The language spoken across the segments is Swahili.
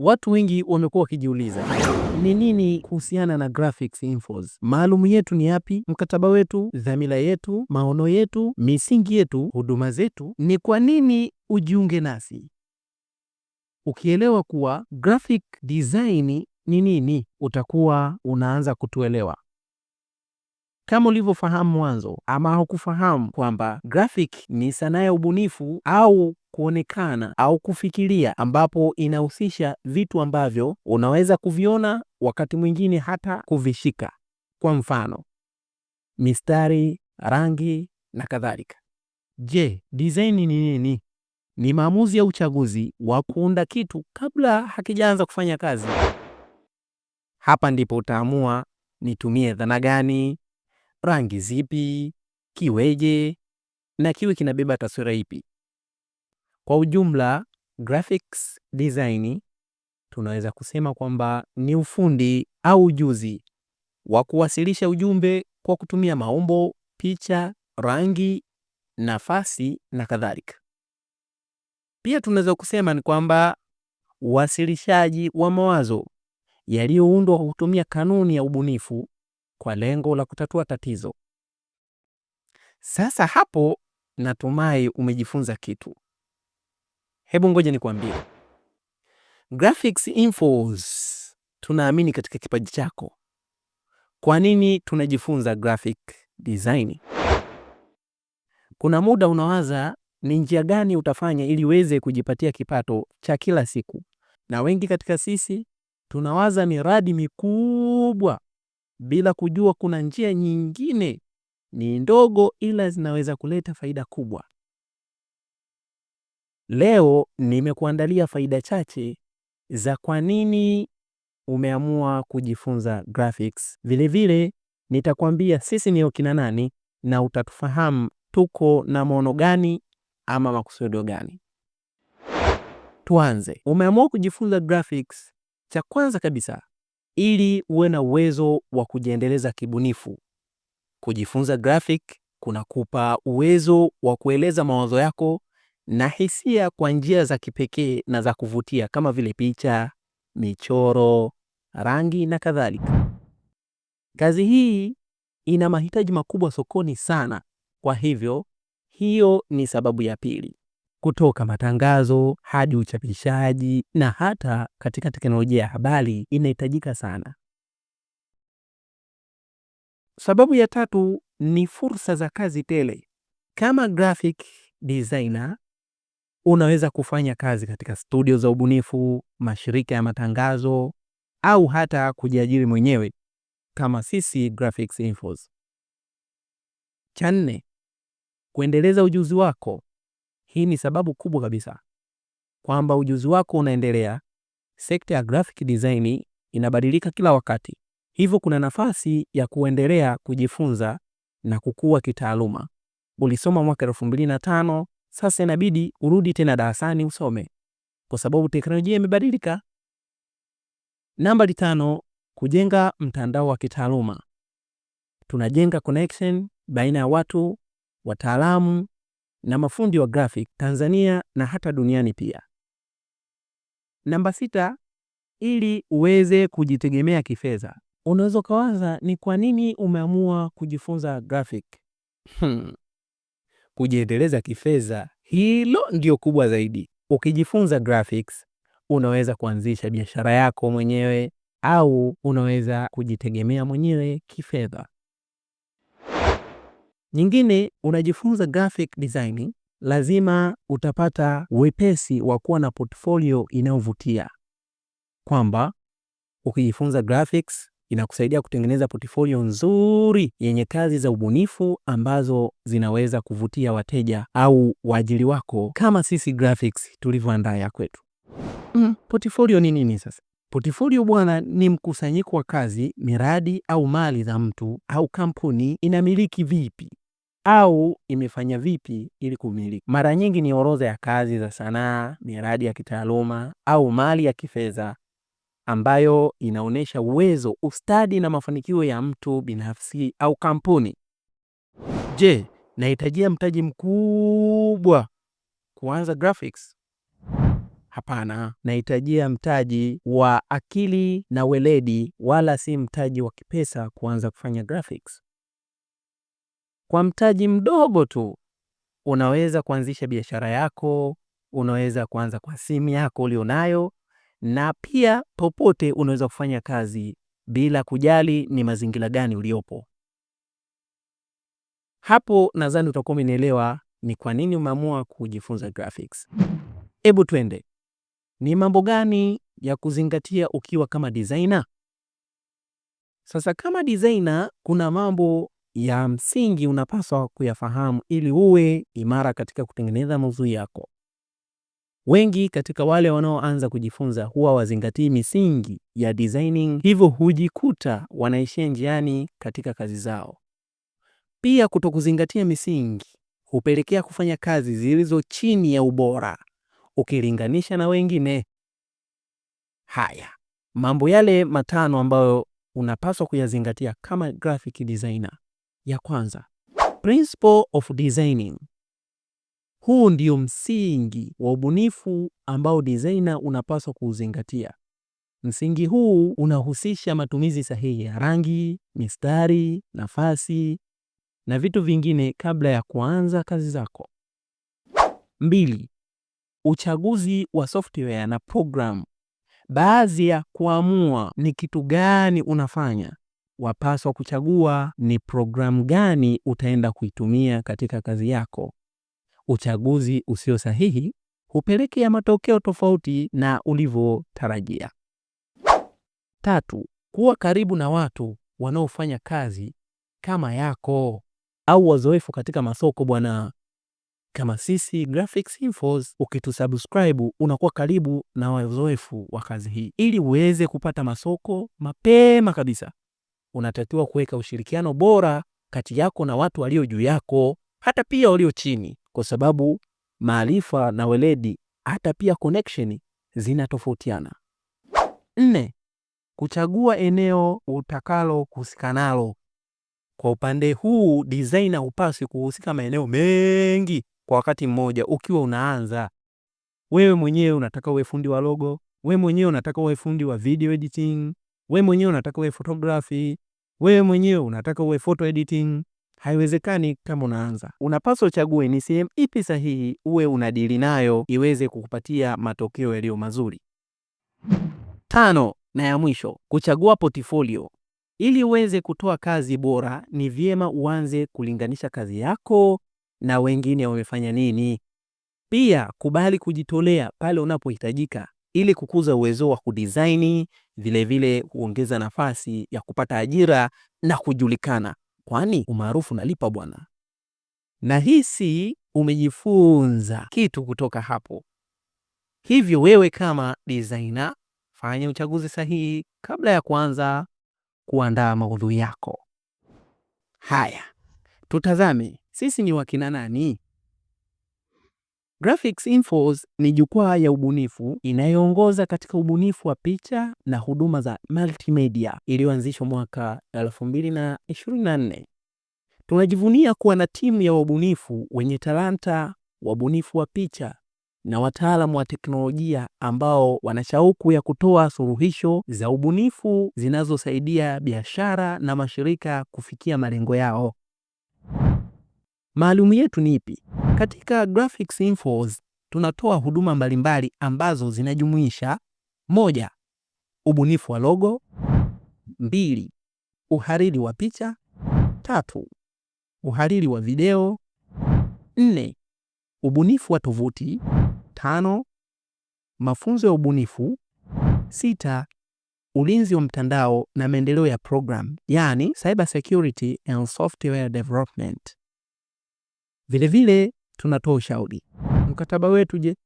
Watu wengi wamekuwa wakijiuliza ni nini kuhusiana na Graphics Infos. Maalumu yetu ni yapi? Mkataba wetu, dhamira yetu, maono yetu, misingi yetu, huduma zetu, ni kwa nini ujiunge nasi? Ukielewa kuwa graphic design ni nini, utakuwa unaanza kutuelewa. Kama ulivyofahamu mwanzo ama hukufahamu kwamba graphic ni sanaa ya ubunifu au kuonekana au kufikiria, ambapo inahusisha vitu ambavyo unaweza kuviona, wakati mwingine hata kuvishika, kwa mfano mistari, rangi na kadhalika. Je, design ni nini? Ni maamuzi ya uchaguzi wa kuunda kitu kabla hakijaanza kufanya kazi. Hapa ndipo utaamua nitumie dhana gani, rangi zipi, kiweje na kiwe kinabeba taswira ipi. Kwa ujumla, graphics design tunaweza kusema kwamba ni ufundi au ujuzi wa kuwasilisha ujumbe kwa kutumia maumbo, picha, rangi, nafasi na kadhalika. Pia tunaweza kusema ni kwamba uwasilishaji wa mawazo yaliyoundwa kwa kutumia kanuni ya ubunifu kwa lengo la kutatua tatizo. Sasa hapo natumai umejifunza kitu. Hebu ngoja nikuambie Graphics Infos tunaamini katika kipaji chako. Kwa nini tunajifunza graphic design? Kuna muda unawaza ni njia gani utafanya ili uweze kujipatia kipato cha kila siku, na wengi katika sisi tunawaza miradi mikubwa bila kujua kuna njia nyingine ni ndogo ila zinaweza kuleta faida kubwa. Leo nimekuandalia faida chache za kwa nini umeamua kujifunza graphics. Vilevile nitakwambia sisi ni wakina nani na utatufahamu tuko na maono gani ama makusudio gani. Tuanze. Umeamua kujifunza graphics, cha kwanza kabisa ili uwe na uwezo wa kujiendeleza kibunifu. Kujifunza graphic kunakupa uwezo wa kueleza mawazo yako na hisia kwa njia za kipekee na za kuvutia kama vile picha, michoro, rangi na kadhalika. Kazi hii ina mahitaji makubwa sokoni sana. Kwa hivyo hiyo ni sababu ya pili kutoka matangazo hadi uchapishaji na hata katika teknolojia ya habari inahitajika sana. Sababu ya tatu ni fursa za kazi tele. Kama graphic designer unaweza kufanya kazi katika studio za ubunifu, mashirika ya matangazo au hata kujiajiri mwenyewe kama sisi Graphics Infos. Cha nne, kuendeleza ujuzi wako. Hii ni sababu kubwa kabisa kwamba ujuzi wako unaendelea. Sekta ya graphic design inabadilika kila wakati, hivyo kuna nafasi ya kuendelea kujifunza na kukua kitaaluma. Ulisoma mwaka 2005 sasa inabidi urudi tena darasani usome, kwa sababu teknolojia imebadilika. Namba tano, kujenga mtandao wa kitaaluma. Tunajenga connection baina ya watu wataalamu na mafundi wa graphic Tanzania na hata duniani pia. Namba sita, ili uweze kujitegemea kifedha. Unaweza ukawaza ni kwa nini umeamua kujifunza graphic? Hmm. Kujiendeleza kifedha, hilo ndio kubwa zaidi. Ukijifunza graphics, unaweza kuanzisha biashara yako mwenyewe au unaweza kujitegemea mwenyewe kifedha nyingine unajifunza graphic designing, lazima utapata wepesi wa kuwa na portfolio inayovutia, kwamba ukijifunza graphics inakusaidia kutengeneza portfolio nzuri yenye kazi za ubunifu ambazo zinaweza kuvutia wateja au waajiri wako, kama sisi graphics tulivyoandaa ya kwetu. Mm, portfolio ni nini sasa? Portfolio bwana, ni mkusanyiko wa kazi, miradi au mali za mtu au kampuni inamiliki vipi au imefanya vipi ili kumiliki. Mara nyingi ni orodha ya kazi za sanaa, miradi ya kitaaluma au mali ya kifedha ambayo inaonyesha uwezo, ustadi na mafanikio ya mtu binafsi au kampuni. Je, nahitajia mtaji mkubwa kuanza graphics? Hapana, nahitajia mtaji wa akili na weledi, wala si mtaji wa kipesa kuanza kufanya graphics. Kwa mtaji mdogo tu unaweza kuanzisha biashara yako, unaweza kuanza kwa simu yako ulionayo, na pia popote unaweza kufanya kazi bila kujali ni mazingira gani uliopo. Hapo nadhani utakuwa umenielewa ni kwa nini umeamua kujifunza graphics. Hebu twende, ni mambo gani ya kuzingatia ukiwa kama designer? Sasa kama designer, kuna mambo ya msingi unapaswa kuyafahamu ili uwe imara katika kutengeneza maudhui yako. Wengi katika wale wanaoanza kujifunza huwa wazingatii misingi ya designing, hivyo hujikuta wanaishia njiani katika kazi zao. Pia kutokuzingatia misingi hupelekea kufanya kazi zilizo chini ya ubora ukilinganisha na wengine. Haya mambo yale matano ambayo unapaswa kuyazingatia kama graphic designer ya kwanza, principle of designing. Huu ndio msingi wa ubunifu ambao designer unapaswa kuuzingatia. Msingi huu unahusisha matumizi sahihi ya rangi, mistari, nafasi na vitu vingine kabla ya kuanza kazi zako. Mbili, uchaguzi wa software na program. Baadhi ya kuamua ni kitu gani unafanya wapaswa kuchagua ni programu gani utaenda kuitumia katika kazi yako. Uchaguzi usio sahihi hupelekea matokeo tofauti na ulivyotarajia. Tatu, kuwa karibu na watu wanaofanya kazi kama yako au wazoefu katika masoko bwana. Kama sisi Graphics Infos, ukitusubscribe unakuwa karibu na wazoefu wa kazi hii, ili uweze kupata masoko mapema kabisa unatakiwa kuweka ushirikiano bora kati yako na watu walio juu yako, hata pia walio chini, kwa sababu maarifa na weledi, hata pia connection zinatofautiana. Nne, kuchagua eneo utakalo kuhusika nalo. Kwa upande huu designer hupasi kuhusika maeneo mengi kwa wakati mmoja. Ukiwa unaanza wewe mwenyewe, unataka uwe fundi wa logo, wewe mwenyewe unataka uwe fundi wa video editing, wewe mwenyewe unataka uwe photography, wewe mwenyewe unataka uwe photo editing, haiwezekani kama unaanza. Unapaswa uchague ni sehemu ipi sahihi uwe unadili nayo iweze kukupatia matokeo yaliyo mazuri. Tano na ya mwisho, kuchagua portfolio. Ili uweze kutoa kazi bora, ni vyema uanze kulinganisha kazi yako na wengine wamefanya nini. Pia kubali kujitolea pale unapohitajika ili kukuza uwezo wa kudizaini, vilevile kuongeza nafasi ya kupata ajira na kujulikana, kwani umaarufu nalipa bwana. Nahisi umejifunza kitu kutoka hapo. Hivyo wewe kama designer, fanya uchaguzi sahihi kabla ya kuanza kuandaa maudhui yako. Haya, tutazame sisi ni wakina nani? Graphics Infos ni jukwaa ya ubunifu inayoongoza katika ubunifu wa picha na huduma za multimedia iliyoanzishwa mwaka 2024. Tunajivunia kuwa na timu ya wabunifu wenye talanta, wabunifu wa picha na wataalamu wa teknolojia ambao wana shauku ya kutoa suluhisho za ubunifu zinazosaidia biashara na mashirika kufikia malengo yao maalumu yetu ni ipi? Katika Graphics Infos tunatoa huduma mbalimbali ambazo zinajumuisha: moja, ubunifu wa logo; mbili, uhariri wa picha; tatu, uhariri wa video; nne, ubunifu wa tovuti; tano, mafunzo ya ubunifu; sita, ulinzi wa mtandao na maendeleo ya program, yani cyber security and software development. Vilevile tunatoa ushauri. Mkataba wetu je?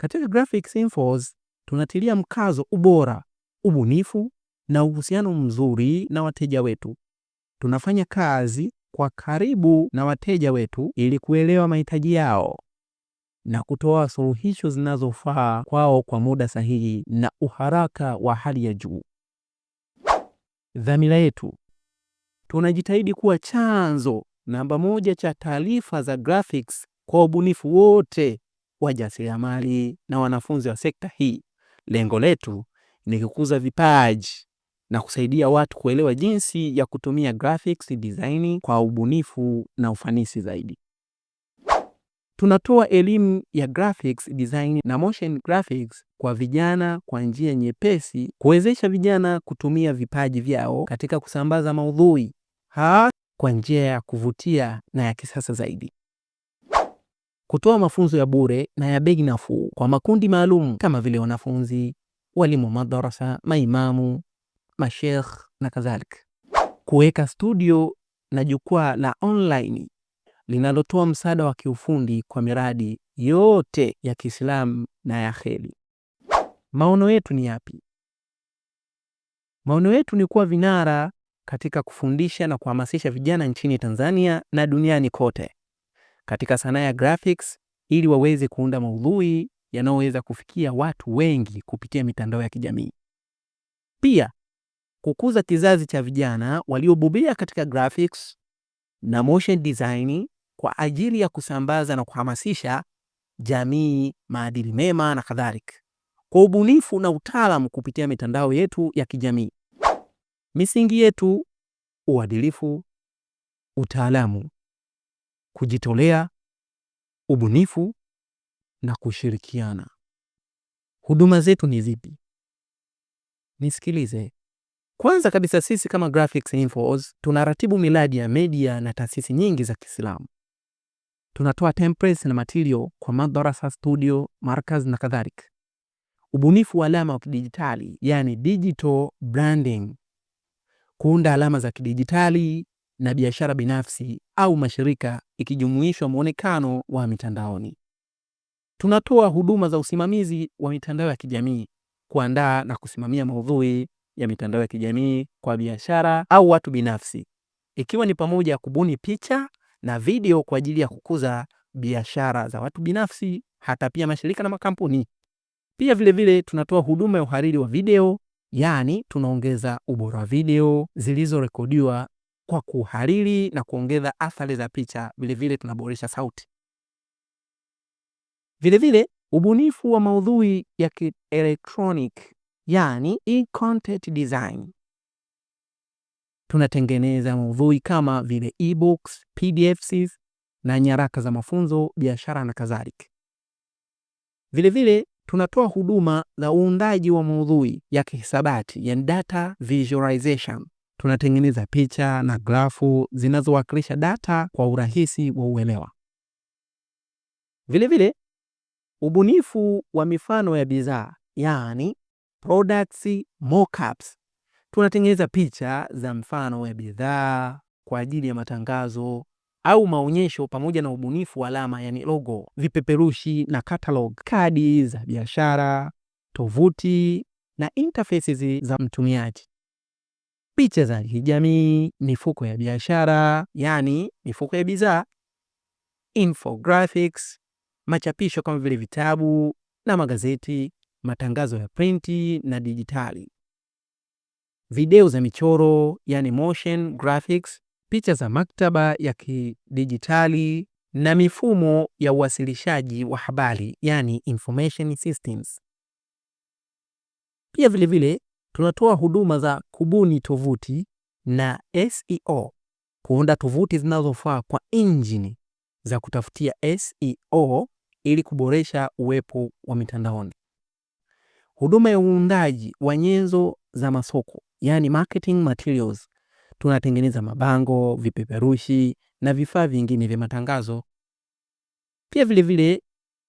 Katika Graphics Infos tunatilia mkazo ubora, ubunifu na uhusiano mzuri na wateja wetu. Tunafanya kazi kwa karibu na wateja wetu ili kuelewa mahitaji yao na kutoa suluhisho zinazofaa kwao kwa muda sahihi na uharaka wa hali ya juu. Dhamira yetu, tunajitahidi kuwa chanzo namba moja cha taarifa za graphics kwa ubunifu wote wajasiriamali na wanafunzi wa sekta hii. Lengo letu ni kukuza vipaji na kusaidia watu kuelewa jinsi ya kutumia graphics design kwa ubunifu na ufanisi zaidi. Tunatoa elimu ya graphics design na motion graphics kwa vijana kwa njia nyepesi, kuwezesha vijana kutumia vipaji vyao katika kusambaza maudhui ha kwa njia ya kuvutia na ya kisasa zaidi. Kutoa mafunzo ya bure na ya bei nafuu kwa makundi maalum kama vile wanafunzi, walimu wa madarasa, maimamu, mashekh na kadhalika. Kuweka studio na jukwaa la online linalotoa msaada wa kiufundi kwa miradi yote ya Kiislamu na ya kheri. Maono yetu ni yapi? Maono yetu ni kuwa vinara katika kufundisha na kuhamasisha vijana nchini Tanzania na duniani kote katika sanaa ya graphics ili waweze kuunda maudhui yanayoweza kufikia watu wengi kupitia mitandao ya kijamii. Pia kukuza kizazi cha vijana waliobobea katika graphics na motion design kwa ajili ya kusambaza na kuhamasisha jamii maadili mema na kadhalika kwa ubunifu na utaalamu kupitia mitandao yetu ya kijamii. Misingi yetu: uadilifu, utaalamu, kujitolea, ubunifu na kushirikiana. Huduma zetu ni zipi? Nisikilize. Kwanza kabisa sisi kama Graphics Infos tunaratibu miradi ya media na taasisi nyingi za Kiislamu. Tunatoa templates na material kwa madarasa, studio, markaz na kadhalika. Ubunifu wa alama wa kidijitali, yani digital branding, kuunda alama za kidijitali na biashara binafsi au mashirika ikijumuishwa mwonekano wa mitandaoni. Tunatoa huduma za usimamizi wa mitandao ya kijamii, kuandaa na kusimamia maudhui ya mitandao ya kijamii kwa biashara au watu binafsi, ikiwa ni pamoja ya kubuni picha na video kwa ajili ya kukuza biashara za watu binafsi, hata pia mashirika na makampuni. Pia vilevile vile tunatoa huduma ya uhariri wa video yaani tunaongeza ubora wa video zilizorekodiwa kwa kuhariri na kuongeza athari za picha. Vilevile tunaboresha sauti. Vilevile ubunifu wa maudhui ya kielektronic yani e-content design, tunatengeneza maudhui kama vile ebooks, PDFs na nyaraka za mafunzo, biashara na kadhalika. Vilevile tunatoa huduma za uundaji wa maudhui ya kihisabati, yani data visualization. Tunatengeneza picha na grafu zinazowakilisha data kwa urahisi wa uelewa. Vilevile, ubunifu wa mifano ya bidhaa, yani products mockups. Tunatengeneza picha za mfano ya bidhaa kwa ajili ya matangazo au maonyesho pamoja na ubunifu wa alama yani logo, vipeperushi na catalog, kadi za biashara, tovuti na interfaces za mtumiaji, picha za kijamii, mifuko ya biashara yani mifuko ya bidhaa, infographics, machapisho kama vile vitabu na magazeti, matangazo ya printi na dijitali, video za michoro yani motion graphics picha za maktaba ya kidijitali na mifumo ya uwasilishaji wa habari yani information systems. Pia vilevile tunatoa huduma za kubuni tovuti na SEO, kuunda tovuti zinazofaa kwa injini za kutafutia SEO ili kuboresha uwepo wa mitandaoni. Huduma ya uundaji wa nyenzo za masoko yani marketing materials tunatengeneza mabango, vipeperushi na vifaa vingine vya matangazo. Pia vilevile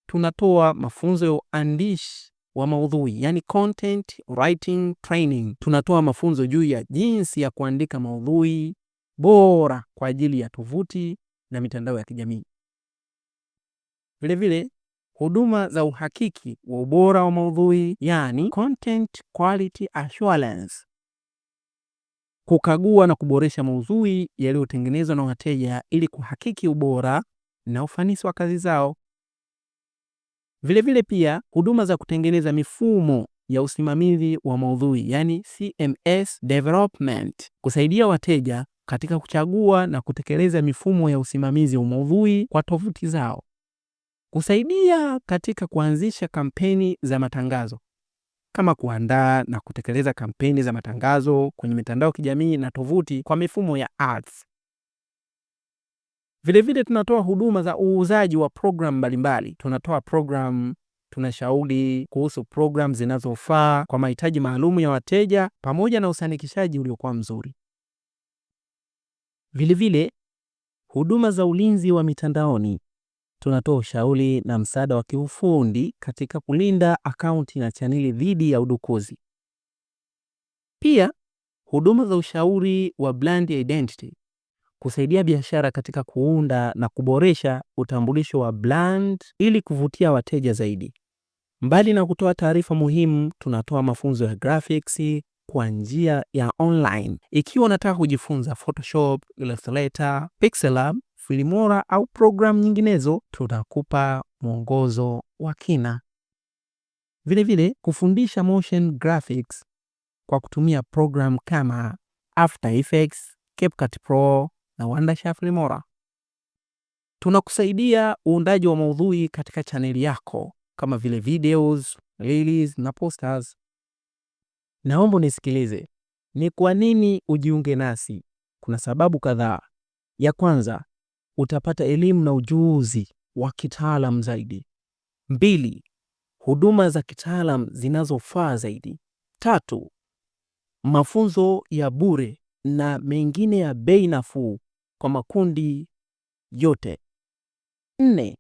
tunatoa mafunzo ya uandishi wa maudhui, yani content writing training. Tunatoa mafunzo juu ya jinsi ya kuandika maudhui bora kwa ajili ya tovuti na mitandao ya kijamii. Vilevile huduma za uhakiki wa ubora wa maudhui, yani content quality assurance kukagua na kuboresha maudhui yaliyotengenezwa na wateja ili kuhakiki ubora na ufanisi wa kazi zao. Vilevile vile pia huduma za kutengeneza mifumo ya usimamizi wa maudhui yani CMS development, kusaidia wateja katika kuchagua na kutekeleza mifumo ya usimamizi wa maudhui kwa tovuti zao, kusaidia katika kuanzisha kampeni za matangazo kama kuandaa na kutekeleza kampeni za matangazo kwenye mitandao ya kijamii na tovuti kwa mifumo ya ads. Vilevile tunatoa huduma za uuzaji wa programu mbalimbali. Tunatoa programu, tunashauri kuhusu programu zinazofaa kwa mahitaji maalum ya wateja pamoja na usanikishaji uliokuwa mzuri. Vilevile huduma za ulinzi wa mitandaoni tunatoa ushauri na msaada wa kiufundi katika kulinda akaunti na chaneli dhidi ya udukuzi. Pia huduma za ushauri wa brand identity kusaidia biashara katika kuunda na kuboresha utambulisho wa brand ili kuvutia wateja zaidi. Mbali na kutoa taarifa muhimu, tunatoa mafunzo ya graphics kwa njia ya online. Ikiwa unataka kujifunza Photoshop, Illustrator, Pixelab Filmora au programu nyinginezo, tutakupa mwongozo wa kina. Vilevile vile, kufundisha motion graphics kwa kutumia programu kama After Effects, CapCut Pro na Wondershare Filmora. Tunakusaidia uundaji wa maudhui katika chaneli yako kama vile videos, reels na posters. Naomba unisikilize. Ni kwa nini ujiunge nasi? Kuna sababu kadhaa. Ya kwanza, utapata elimu na ujuzi wa kitaalam zaidi. Mbili, huduma za kitaalam zinazofaa zaidi. Tatu, mafunzo ya bure na mengine ya bei nafuu kwa makundi yote. Nne,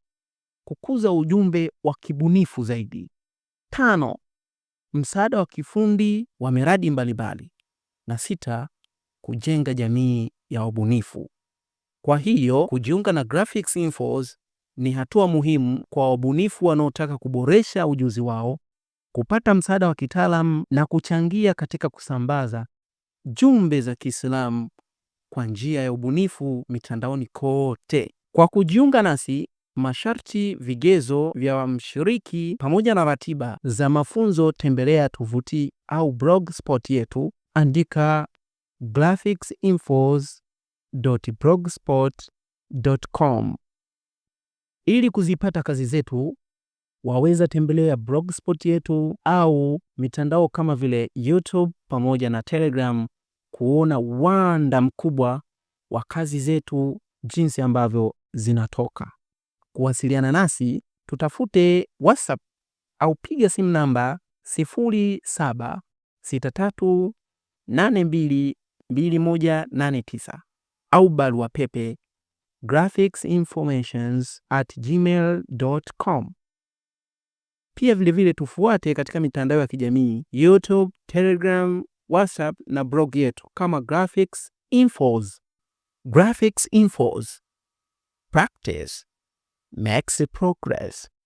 kukuza ujumbe wa kibunifu zaidi. Tano, msaada wa kifundi wa miradi mbalimbali, na sita, kujenga jamii ya wabunifu. Kwa hiyo kujiunga na Graphics Infos ni hatua muhimu kwa wabunifu wanaotaka kuboresha ujuzi wao, kupata msaada wa kitaalamu na kuchangia katika kusambaza jumbe za Kiislamu kwa njia ya ubunifu mitandaoni kote. Kwa kujiunga nasi, masharti, vigezo vya mshiriki pamoja na ratiba za mafunzo, tembelea tovuti au blogspot yetu, andika Graphics Infos blogspot.com. Ili kuzipata kazi zetu waweza tembelea blogspot yetu au mitandao kama vile YouTube pamoja na Telegram kuona wanda mkubwa wa kazi zetu jinsi ambavyo zinatoka. Kuwasiliana nasi, tutafute WhatsApp au piga simu namba 0763822189 au barua pepe graphicsinformations at com Pia vilevile tufuate katika mitandao ya kijamii YouTube, Telegram, WhatsApp na blog yetu kama Graphics Infos. Graphics Infos. Practice makes progress.